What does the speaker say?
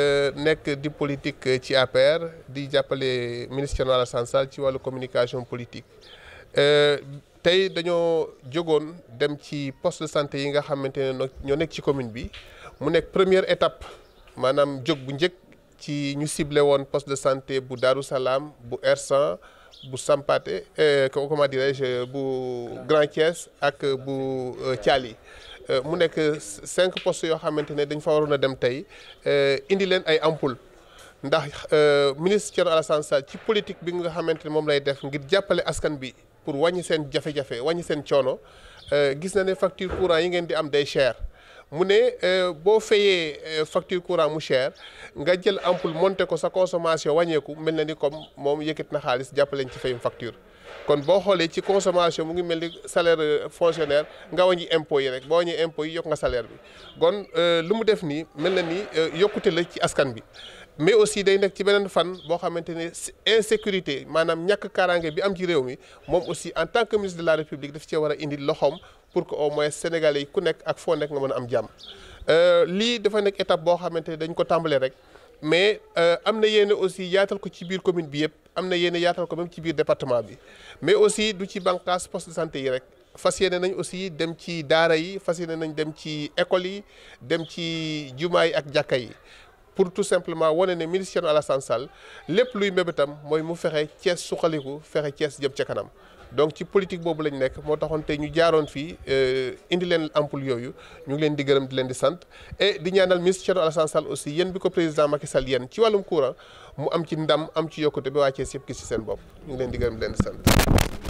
Euh, nekk di politique euh, ci APR di jàppale ministre Thierno Alassane Sall ci wàllu communication politique euh, tey dañoo jógoon dem ci poste de santé yi nga xamante ne ñoo nekk ci commune bi mu nekk première étape maanaam jóg bu njëkk ci ñu ciblé woon poste de santé bu Darou Salaam bu Ersan bu Sampaté comment dirais-je bu Grand Thiès ak bu Thiali. Euh, mu nekk cinq postes yoo xamante ne dañ fa waroon a dem tey euh, indi leen ay ampoule ndax euh, ministre Thierno Alassane Sall ci politique bi nga xamante ne moom lay def ngir jàppale askan bi pour wàññi seen jafe-jafe wàññi seen coono gis na ne facture courant yi ngeen di am day cher. mu ne euh, boo fayee euh, facture courant mu cher nga jël ampoule monte ko sa consommation wàññeeku mel na ni comme moom yëkkati na xaalis jàppaleñ ci fayum facture kon boo xoolee ci consommation mu ngi mel ni salaire euh, fonctionnaire nga wàññi impôt yi rek boo wàññee impôt yi yokk nga salaire bi kon lu mu def nii mel na nii yokkute la ci askan bi mais aussi day nekk ci beneen fan boo xamante ne insécurité maanaam ñàkk kaaraange bi am ci réew mi moom aussi en tant que ministre de la république daf cee war a indi loxoom pour que au moins sénégalais yi ku nekk ak foo nekk nga mën a am jàmm euh, lii dafa nekk étape boo xamante ne dañ ko tàmbalee rek mais euh, am na yéene aussi yaatal ko ci biir commune bi yëpp am na yéene yaatal ko même ci biir département bi mais aussi du ci bànqaas poste de santé yi rek fas yéene nañ aussi dem ci daara yi fas yéene nañ dem ci école yi dem ci jumaa yi ak jàkka yi pour tout simplement wane ne ministre Alassane Sall lépp luy mbébétam mooy mu fexe Thiès suqaliku fexe cees jëm ca kanam donc ci politique boobu lañ nekk moo taxoon tey ñu jaaroon fii euh, indi leen ampoule yooyu ñu ngi leen di gërëm di leen di sant et di ñaanal ministre Alassane Sall aussi yéen bi ko président Macky Sall yéen ci wàllum courant mu am ci ndam am ci yokkute ba waa Thiès yëpp ci seen bopp ñu ngi leen di gërëm di leen di sant.